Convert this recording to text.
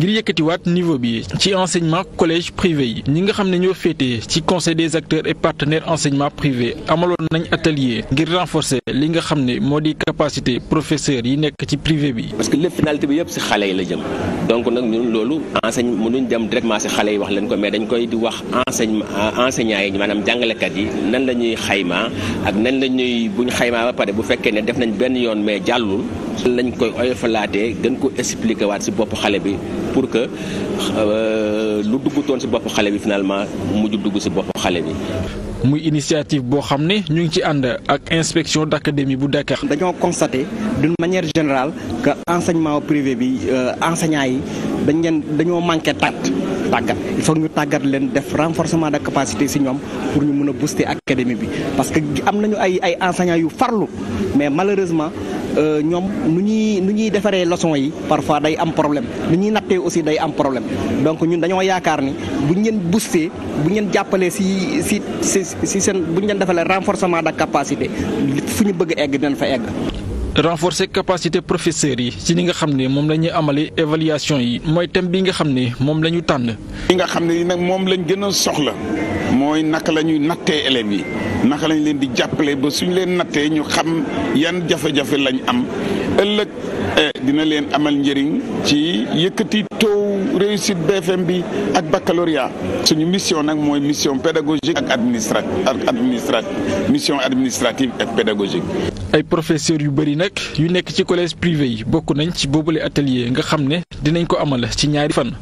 ngir yëkkatiwaat niveau bi ci enseignement collège privé yi ñi nga xam ne ñoo féete ci conseil des acteurs et partenaires enseignement privé amaloon nañ atelier ngir renforcer li nga xam ne moo di capacité professeur yi nekk ci privé bi. parce que lépp finalité bi yëpp si xale yi la jëm donc nag ñun loolu enseigne mënuñ dem directement si xale yi wax lañ ko mais dañ koy di wax enseignement enseignants yi maanaam jàngalekat yi nan la ñuy xayma ak nan la ñuy buñ xaymaa ba pare bu fekkee ne def nañ benn yoon mais jàllul. lañ koy oyofalaatee gën ko expliquer waat si bopp xale bi pour que euh, lu dugg toon si bopp xale bi finalement mujj dugg si bopp xale bi. muy initiative boo xam ne ñu ngi ci ànd ak inspection d'académie bu Dakar. dañoo constaté d'une manière générale que enseignement privé bi euh, enseignants yi dañ leen dañoo manqué tàtt tàggat il faut ñu tàggat leen def renforcement de capacité si ñoom pour ñu mën a booster académie bi parce que am nañu ay ay enseignants yu farlu mais malheureusement. Euh, ñoom nu ñuy nu ñuy defaree leçon yi parfois day am problème nu ñuy nattee aussi day am problème donc ñun dañoo yaakaar ni buñ leen boosté bu leen jàppalee si si si si seen buñ leen defalee renforcement de capacité fu ñu bëgg egg dinañ fa egg. renforcer capacité professeurs yi ci li nga xam ne moom la ñuy amale évaluation yi mooy thème bi nga xam ne moom la ñu tànn. li nga xam ne nag moom lañ gën a soxla. mooy naka la ñuy nattee élèves yi naka lañ leen di jàppale ba suñ leen nattee ñu xam yan jafe-jafe lañ am ëllëg eh, dina leen amal njëriñ ci yëkkati taux réussite BFM bi ak baccalauréat suñu mission nag mooy mission pédagogique ak administrat ak administrat mission administrative ak pédagogique. ay professeurs yu bëri nag yu nekk ci collège privé yi bokk nañ ci boobule atelier nga xam ne dinañ ko amal ci ñaari fan.